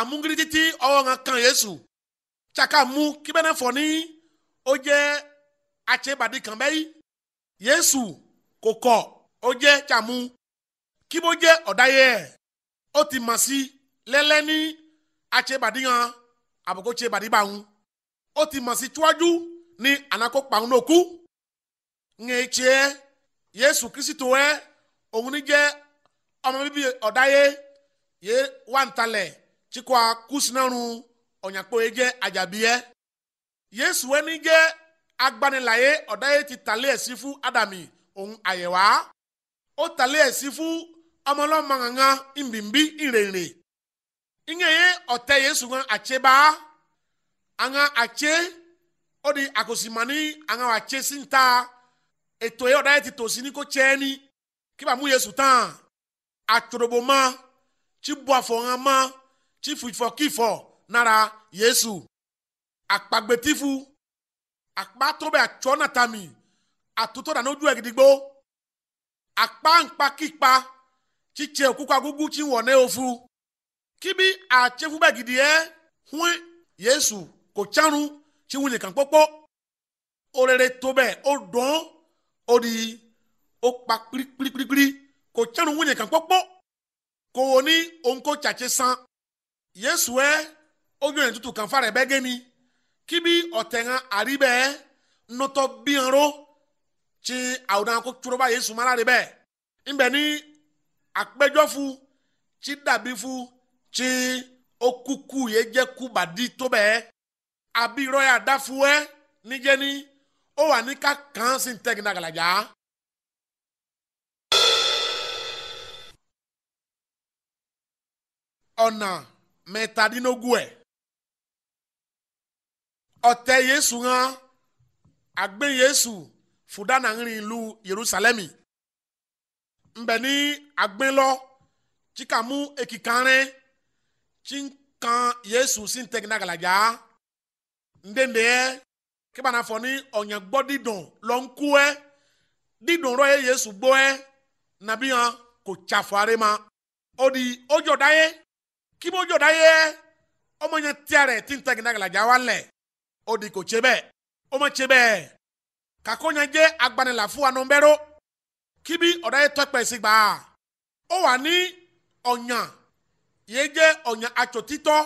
amúngiri títí ọwọ́ kan Yesu, yéṣu tsaka mu kíbẹ́nẹ́ fọ ní ó jẹ́ atsebadi kan bẹ́yì yéṣu kò kọ̀ ó jẹ́ tsamu kíbo jẹ́ ọ̀dáyẹ ó ti mà ni lẹ́lẹ́ ní atsebadi kan àbùkù tsebadi bá ń ó ti mà sí tíwájú ní anako kpàwọn n'oku ŋe tse yéṣu kristu ẹ òun ni jẹ́ ọmọ bíbí ọ̀dáyẹ yé wà ń chikwa kusinaru ọ̀nyàkpọ̀yẹ́jẹ́ ajabie yesu ẹni jẹ́ agbanilaye ọ̀dáyé ti tàlẹ́ ẹ̀sí fún adami òun àyẹ̀wá ó tàlẹ́ ẹ̀sí fún ọmọlọ́mọ̀ngàngà ìbìnbí ìrìnrì ìyẹn yẹ yesu kan àtseba àŋà àtse ó di àkòsímání àŋà àtse sí ta ètò yẹ ọ̀dáyé ti tòsí ní kó tsẹ́ni yesu tán àtsorobó ma tí bu ma chifufɔkifɔ nara yesu akpagbetifu akpatobe atsɔnatami atuto dana ojú ɛgidigbo akpa nkpakikpa tsitse okukua gugu tsi wɔ ne ofu kibi atsefu bɛ gidi yɛ hue yesu ko tsanu tsi wuli kan kpɔkpɔ orere to bɛ o dɔn o di o kpa kpirikpirikpiri ko tsanu wuli kan kpɔkpɔ ko wo ni onko tsatse san. yesue oge ntutu kan fara geni kibi otenga aribe e, noto bianro chi awudan ko turoba yesu mara ribe nbẹ ni apẹjọfu chi dabifu chi okuku ye jẹ kubadi tó bẹ e. abi rọya dafu ẹ e, nijẹni ó wà ní ká kàn sí ntẹ́gi náà gàlàjà. mẹtadínlógún ẹ ọtẹ yéésù hàn àgbẹ yéésù fúdánà ń rìn ìlú Yerusalemi ńbẹ ní àgbẹ lọ chika mú èkìkà rẹ ń kan yéésù sí ń tẹgin dàgàlàjà ndéndé ẹ kíbanà fọ ní ọ̀yàn gbọ́ dídùn lọ ń kú ẹ dídùn rọ ẹ gbọ́ ẹ nàbí hàn kò ma ó di ó yẹ. kíbójó dá yẹ ọmọ yẹn tíya rẹ tí n tẹ̀gì náà gàlàjà wa lẹ̀ ó di kò tse bẹ́ẹ̀ ó mọ̀ tse bẹ́ẹ̀ kàkó yẹn jẹ́ agbanilà fún wa nùbẹ́rọ́ kíbi ọ̀dá yẹ tọ́pẹ́ sí gbà ó wà ní ọ̀yàn yẹn jẹ́ ọ̀yàn atsòtítọ́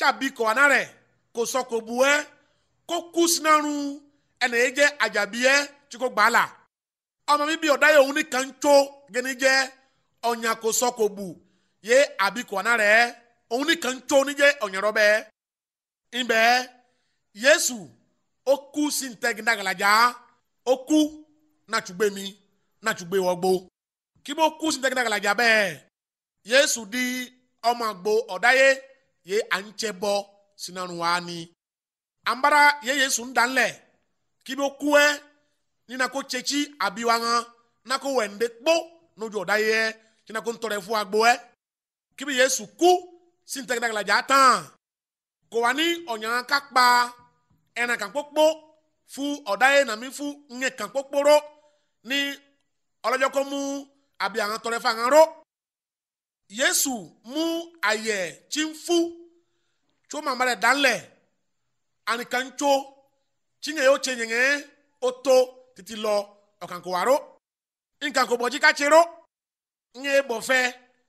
tàbí kọ̀ọ̀nà rẹ̀ kò sọ kò bu ẹ́ kó kú sinaru ẹnì yẹn jẹ́ àjàbí ẹ́ tí kò gbà ọmọ mi bí ọ̀dá yẹ òun nìkan tso gẹ́ni jẹ́ ọ̀yàn kò sọ kò bu ye abi kɔna rɛ òun nìkan tso ní jẹ ọ̀nyẹ̀rọ̀ bẹ́ẹ̀ ńbẹ́ yéésù ó kú sí ntẹ́gi dàgàlàjà ó kú nàtúgbé mi nàtúgbé wọgbó kí bó kú sí ntẹ́gi dàgàlàjà bẹ́ẹ̀ yéésù di ọmọ àgbo ọ̀dáyé yé à ń tsẹ bọ sinanu wa ni anbara yé yéésù ń dan lẹ̀ kí bó kú ẹ nínú akó tsetsi àbí wa ŋan nínú akó wẹ̀ ń de kpó n'ojú ọ̀dáyé yẹ nínú akó ń tọrọ ẹ̀fọ́ àgbo ẹ. E kíbi Jésù kú sí ntẹ́gídàgàlàjà tán kò wá ní ọ̀yàn kápá ẹran kan pópó fún ọ̀dá yẹn nàmí fún nyẹ kan pópóró ní ọlọ́jọ́ kó mú àbí àwọn tọrẹ fún àwọn ró Jésù mú àyẹ̀ tí ń fún tó màmá rẹ̀ dánlẹ̀ ànìkànjó tí nyẹ yóò tse nyẹ ó tó títí lọ ọ̀kànkò wà ró nǹkan kò bọ̀ jí ká tse ró nyẹ bọ̀ fẹ́.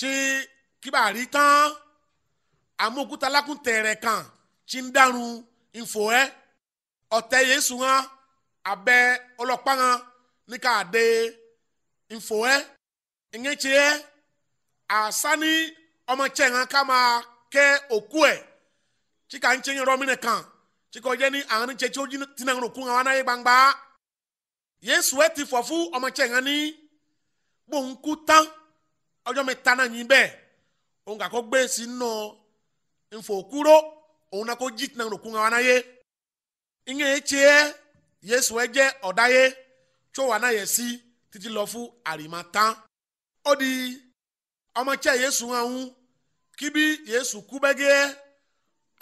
tí kíbàárí tán amókúta lákùn tẹ̀rẹ̀ kan tí ń dárun ìfò ẹ́ ọ̀tẹ̀ yéésù hàn abẹ́ ọlọ́pàá hàn ní káàdé ìfò ẹ́ ìyẹn tí ẹ́ àsáni ọmọ tẹ̀ hàn ká máa kẹ́ òkú ẹ̀ tí kà ń tẹ̀ yẹn rọ́mìnì kan tí kò jẹ́ ní àárín tẹ̀ tí ó dínà ń ròkú wọn náà gbangba yéésù ẹ̀ ti fọ̀ fún ọmọ tẹ̀ ní gbòǹkú tán. ọjọ́ mẹ́ta náà yín bẹ́ẹ̀ òun kà kó gbé sínú nfòkúrò òun náà kó jí tìǹà òkú wọn náà yé ìyẹn etí ẹ ẹ jẹ ọ̀dá tó wà náà yẹ títí lọ fún àrìmá ó di ọmọ tí wọn ń kí bí yéésù kú bẹ́gẹ́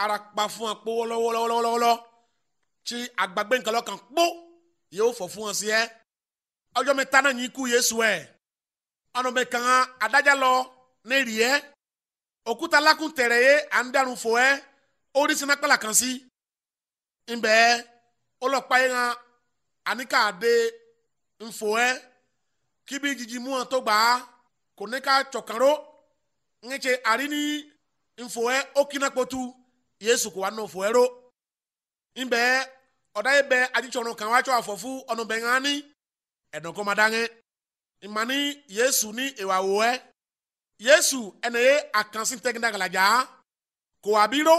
ara pa fún wọn tí àgbàgbé nǹkan lọ́kàn pọ́ yóò fún wọn sí ẹ ọjọ́ mẹ́ta anɔmɛ kaŋa adajalɔ n'eriɛ òkúta lakun tẹ̀rẹ̀ yé à ń dànù fò ẹ́ ó rí sinna kpala kan si nbẹ olopa yẹn hàn àní ká de nfò ẹ́ kíbi jìjì mú hàn tó gbà á kò ní ká tsọ̀kàró ń ṣe àrí ní nfò ẹ́ ó kíná kpotu yéésù imani yesu ni iwawoe yesu ene ye akansi teginda galaja ko abiro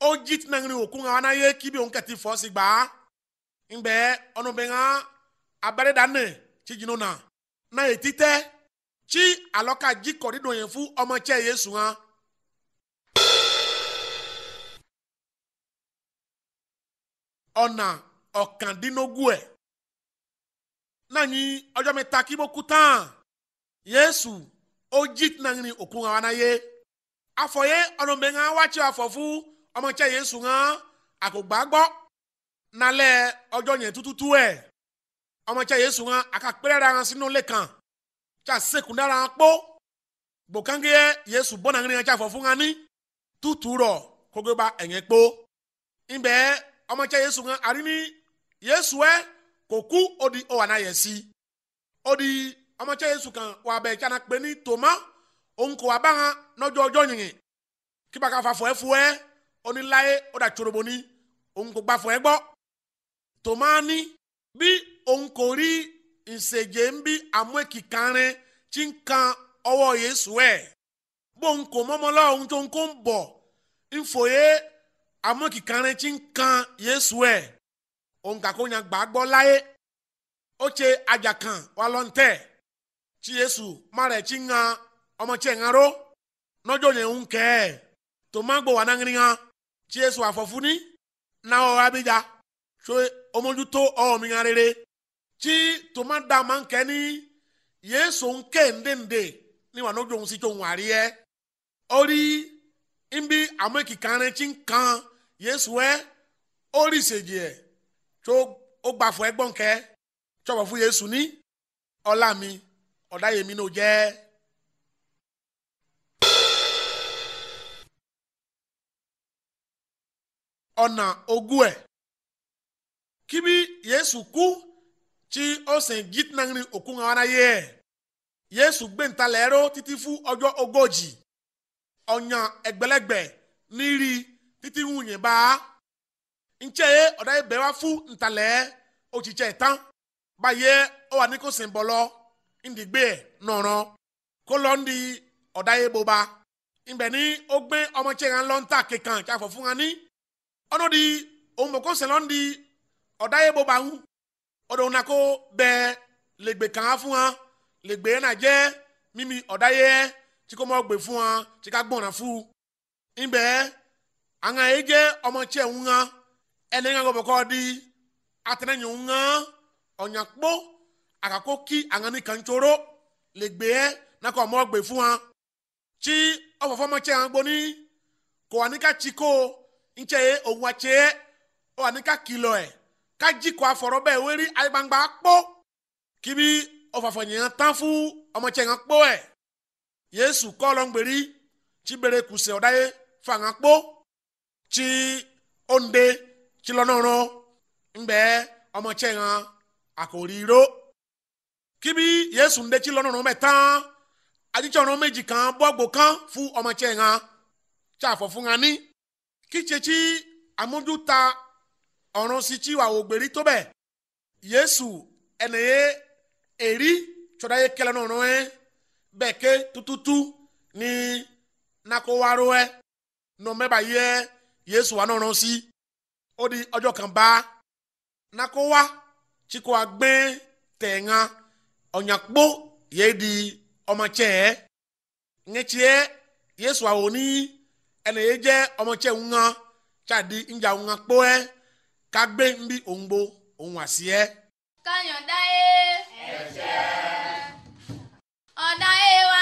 o jit nangri oku nga wana ye kibi on kati fosi gba ngbe ono benga abare dane ti na na etite chi ka ji fu omo yesu ha ọ̀nà nanyi ọjọ́ ta kí mo kú tán yéésù ó jí nanyi òkú hàn wọn ayé afọyé ọlọmọbìnrin hàn wá tí a fọ fún ọmọọtsẹ yéésù hàn àkògbà gbọ́ nalẹ́ ọjọ́ yẹn tututu ẹ̀ ọmọọtsẹ yéésù hàn àkàkpẹ́rẹ́ ra hàn sínú kan tí a sẹ́kù dára hàn kpó gbòkànge yéésù bọ́ nanyi hàn tí a fọ fún hàn ní tutu rọ̀ ba ẹ̀yẹ́ kpó ńbẹ́ ọmọọtsẹ yéésù hàn àrí ní kòkú odi owana yesi odi amacha yesu kan wa be chana pe ni toma onko abanga nojo ojo yin ki ba ka fa fo efu e oni laye o da chorobo ni onko gba ní e gbo toma ni bi onko ri nseje nbi bó kò mọ́mọ́lá ohun tó ń kó ń ń fòye tí yesu ongakonya gbàgbọ́ láyé oche ajakan walonte chi yesu mare chi nga ọmọ chi ngaro nojo nye nke to magbo wanangri nga chi yesu afofuni na o abija so omojuto o mi ngarere chi to ma da man ke ni yesu nke ndende ni wanojo nsi to nwari e ori imbi ameki kanre chi kan yesu ori seje tó ó gbà fún ẹgbọ́n kẹ́ tọ́wọ́ fún Jésù ní ọlá mi ọ̀dá yèmí náà jẹ́. ọ̀nà ogún ẹ̀ kíbi Jésù kú tí ó sì ń gítnangiri òkú wọn wáyé ẹ̀ Jésù gbẹ̀ntalẹ̀ ẹ̀rọ títí fún ọjọ́ ogójì ọ̀yàn ẹgbẹ̀lẹ́gbẹ̀ nírí títí wùnyìn bá a. nkyɛ yɛ ɔda yɛ bɛwa fu ntalɛɛ okyikyɛ tan ba yɛ ɔwa ne ko senbɔlɔ ndigbe nɔrɔ kolɔ ndi ɔda yɛ boba nbɛni ogbe ɔmɔtsɛ nta kekan kí afɔ fún di ní ɔnɔdi ohunmɔkɔ ɔda boba ko bɛ legbe kan fún legbe yɛ ɔda yɛ fún ene nga go boko di atene nyunga onyakpo akako ki angani kanchoro legbe na ko mo gbe fún wa chi ofofo mo che angbo ni ko anika chiko nche ohun ache o anika kilo e ka jiko aforo be weri agbangba po kibi ofofo nyan tan fún ọmọ che ngan po e yesu ko lo ngberi chi bere kuse odaye fa ngan po chi onde tsilɔnɔrɔ ŋgbɛ ɔmɔtsɛ hã akori ro kibi yesu ŋdɛ tsilɔnɔrɔ mɛ tán aditsɔnɔ méjì kan bɔ agbo kan fún ɔmɔtsɛ hã tí a fɔ fún si tsi wà yesu ẹnìyẹ eri tsɔɖa yẹ kẹlẹ nɔnɔ yẹ bẹ́ẹ̀ tututu si. ó di ọjọ́ kan bá nakowa chikowa gbé tẹ̀ǹgà ọ̀nyàkpó yẹ di ọmọtsẹ ŋẹtsiẹ yesu awo ni ẹnẹ yẹ jẹ ọmọtsẹ ŋa tsadi ŋdza ŋa kpọẹ kagbe nbi òǹgbo òun àṣìẹ. kanyọ̀dá yé. E. ẹ̀ṣẹ̀. ọ̀dá yé e wa.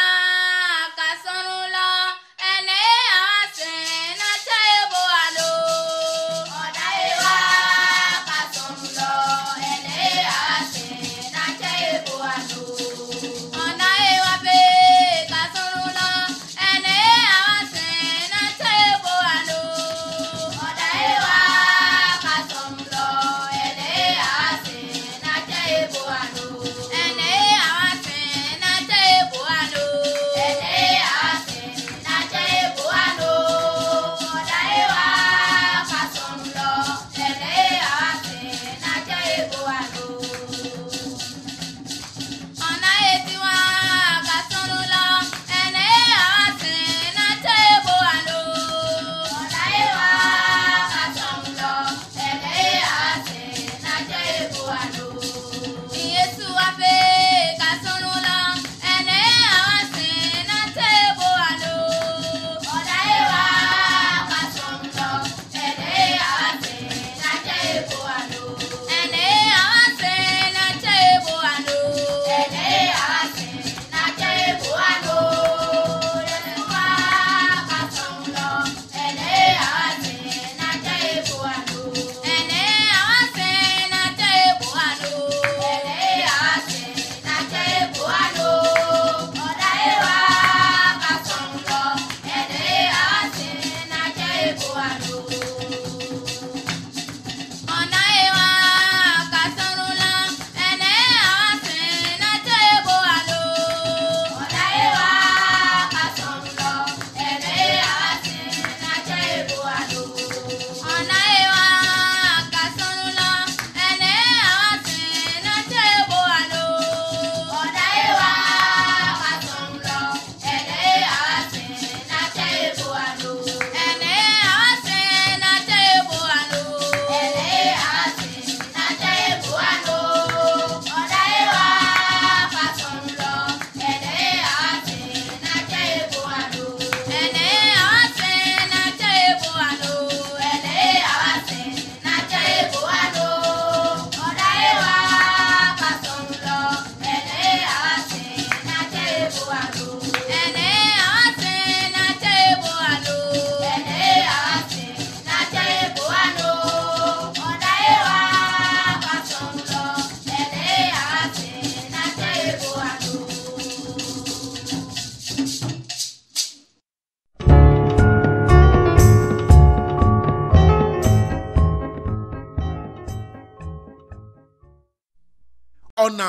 ọ̀nà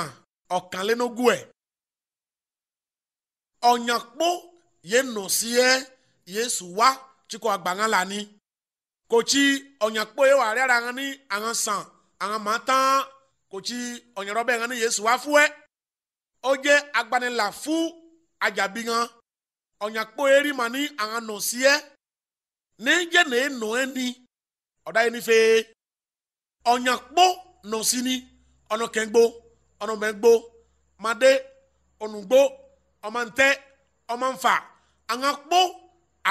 ọ̀kànlénógún ẹ̀ ọ̀nyàkpó yẹn nù sí ẹ yéésù wá tsikọ agbàŋá la ni kòtsi ọ̀nyàkpó yẹ wà rẹ́ ara ŋa ni àŋa sàn àŋa màá tán kòtsi ọ̀nyàrọ̀ bẹ́ẹ̀ ŋa ni yéésù wá fún ẹ ó jẹ́ agbanilà fún àjàbí ŋa ọ̀nyàkpó yẹ rí ma ni àŋa nù sí ẹ ní jẹ́ nà nù ẹ ni ọ̀dà yẹn ni fèé ọ̀nyàkpó nù sí ni ọ̀nà kẹ́ńgbó ọ̀nàmẹ́gbó madé onugbo ọmọntẹ ọmọnfa an ka kpó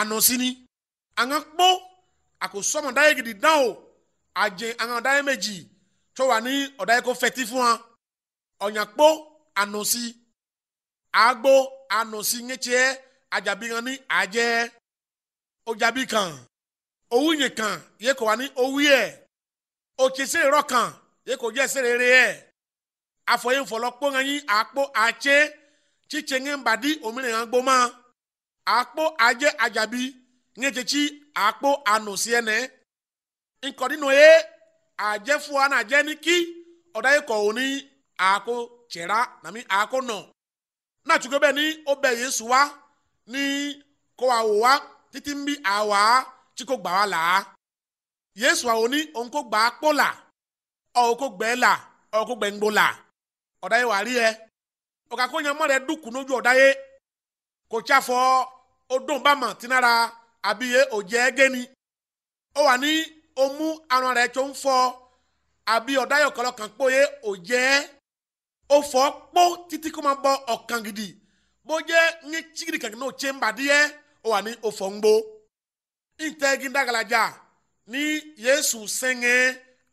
anọsini an ka kpó àkósọmọ dáyé gidi dán o àjẹ an ka dáyé méjì tó wà ní ọ̀dáyé kó fẹ́tí fún wa ọ̀nyà kpó anọsi àgbo anọsi ńẹ́tsẹ́ kan ní àjẹ́ ọjàbí kan owó kan yẹ kó wà ní owó yẹ kan yẹ kó jẹ́ sèrè rẹ afọ afɔye fọlọ kpo ŋanyi akpo atse tsitse ŋe baɖi omire ŋa gboma akpo adze adzabi ŋe tsetsi akpo anosie ne ŋkɔdino ye adze fua na adze niki ɔda ye kɔ oni ako tsera nami ako nɔ na tsuge ni o bɛ yesu wa ni ko wa wa titi bi awa tsi ko gba wa la yesu wa oni òun ko gba akpo la ɔwò ko gbɛ la ɔwò ko gbɛ ŋgbo la. ɔdaye wariɛ ɔkakɔ nyama rɛ duku n'ojú ɔdaye kò tsafɔ odon bama tinara abi ye òjɛ geni ɔwà ni omu aràn rɛ tso ń fɔ abi ɔdaye ɔkɔlɔ kan kpo ye òjɛ ofɔ kpó títí kó ma bɔ ɔkan gidi bó jẹ ní tsigiri kankan n'o tse ń badiɛ ɔwà ní ofɔ ŋgbó ntɛ gindagalaja ní yéésù sɛŋɛ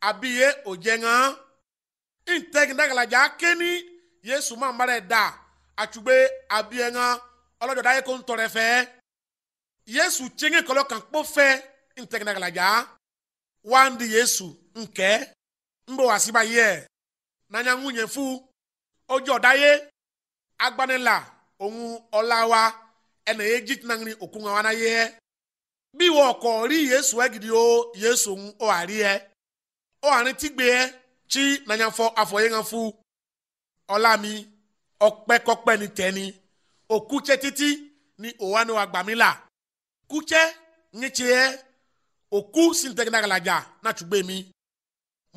abi ye òjɛ ŋan. integ ndagalaja keni yesu ma mara da achugbe abienga olojo da yeko ntore fe yesu chenge kolo kan po fe integ ndagalaja wandi yesu nke mbo wasiba ye nanya nwunye fu ojo daye agbanela ohun ọlá wa ẹnà ejit nangiri òkun wa náà yẹ bí wọn kọ rí yéésù o yéésù ń ọ àrí ẹ ọ àrí tí gbé ẹ chi afọ nanyafọ afọyengafu ọlámi ọpẹkọpẹ ni tẹni òkútsẹ titi ni òwani wa gbàmílà kútsẹ nyitsie òkú sintẹgidagaladza natsugbe mi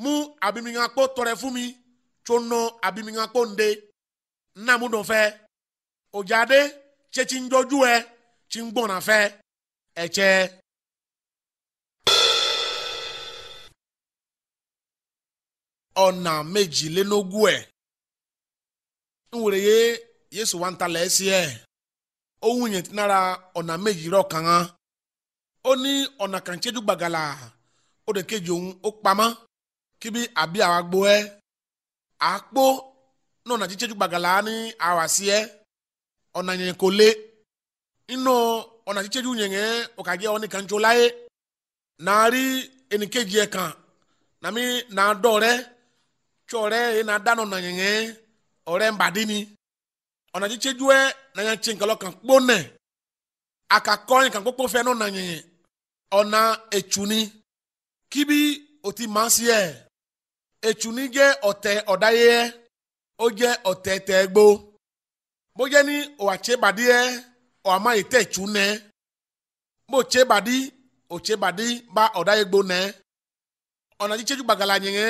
mú abimigakpo tọrẹ fún mi tso nọ abimigakpo nde nnamu dùn fẹ òdza de tsetsi ŋdɔdzu ɛ tsi ŋgbɔna fɛ ɛtsɛ. ọ̀nà méjìlélógún ẹ̀ e. ń e. nwere yéṣu yesu ń talẹ̀ e ẹ̀ ohun yẹn ti nára ọ̀nà méjì rọ̀ kàn án ó ní ọ̀nà kan ṣẹ́jú gbàgàlà ó dẹ̀ kejì òun ó pamọ́ kí gbagala àbí àwa e. ọna àpò náà ọ̀nà ṣẹ́jú gbàgàlà ní àwa sí ẹ́ ọ̀nà yẹn Narị enikeji nínú tsɔrɛ yina danu nanyɛnyɛ ɔrɛ nbadini ɔnadzitsedzue nanyɛntsi nkalɔ kan kponɛ akakɔnyi kan kpokpo fɛ no nanyɛnyɛ ɔna etsuni kibi oti mansiɛ etsuni dze ɔtɛ ɔdayɛ odze ɔtɛ tɛgbo bodze ni owatse badiɛ ɔama yi tɛ tsu nɛ bó tse badi otse badi ba ɔdayɛ gbo nɛ ɔnadzitsedu gbagala nyɛnyɛ.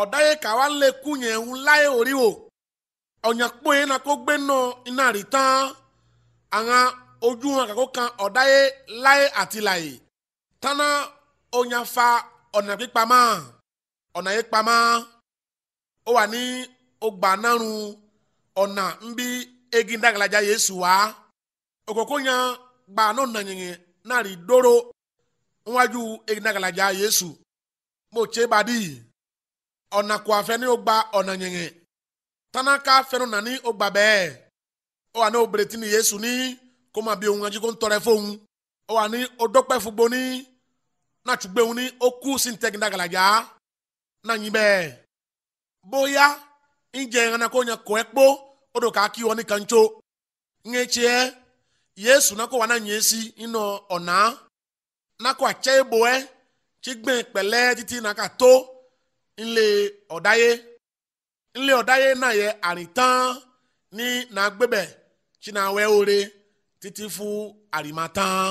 ọ̀dáyé káwá lè kú yẹn ń láyé orí o ọ̀nyàpọ̀ yẹn náà kó gbé náà iná rí tán àwọn ojú wọn kàkó kan láyé àti láyé tánà ọ̀nyàfa ọ̀nà pípamọ́ ọ̀nà yẹn pamọ́ ó wà ní ọgbà ọ̀nà wá òkòkò yẹn gbà náà rí níwájú ọ̀nà kò àfẹ́ ní o ọ̀nà yìnyín tánákà fẹ́nu nàní wà ní obìnrin tí ni yéésù ní kó máa bí ohun ají tọrẹ fóun ó wà ní odópẹ́ fúgbó ní nàtúgbéhun ní ó sí ntẹ́gin dàgàlàjà náà yín bóyá ń jẹ ìrànà yẹn kó ẹ kpó ó dò ká kí wọn ní kàńtsó ń ẹ tiẹ yéésù náà kó wà náà yẹn ńlẹ̀ ọ̀dáyé ńlẹ̀ ọ̀dáyé náà yẹ àrìntán ní nàgbẹ́bẹ̀ tsinawẹ́ òre títí fún àrìmátán.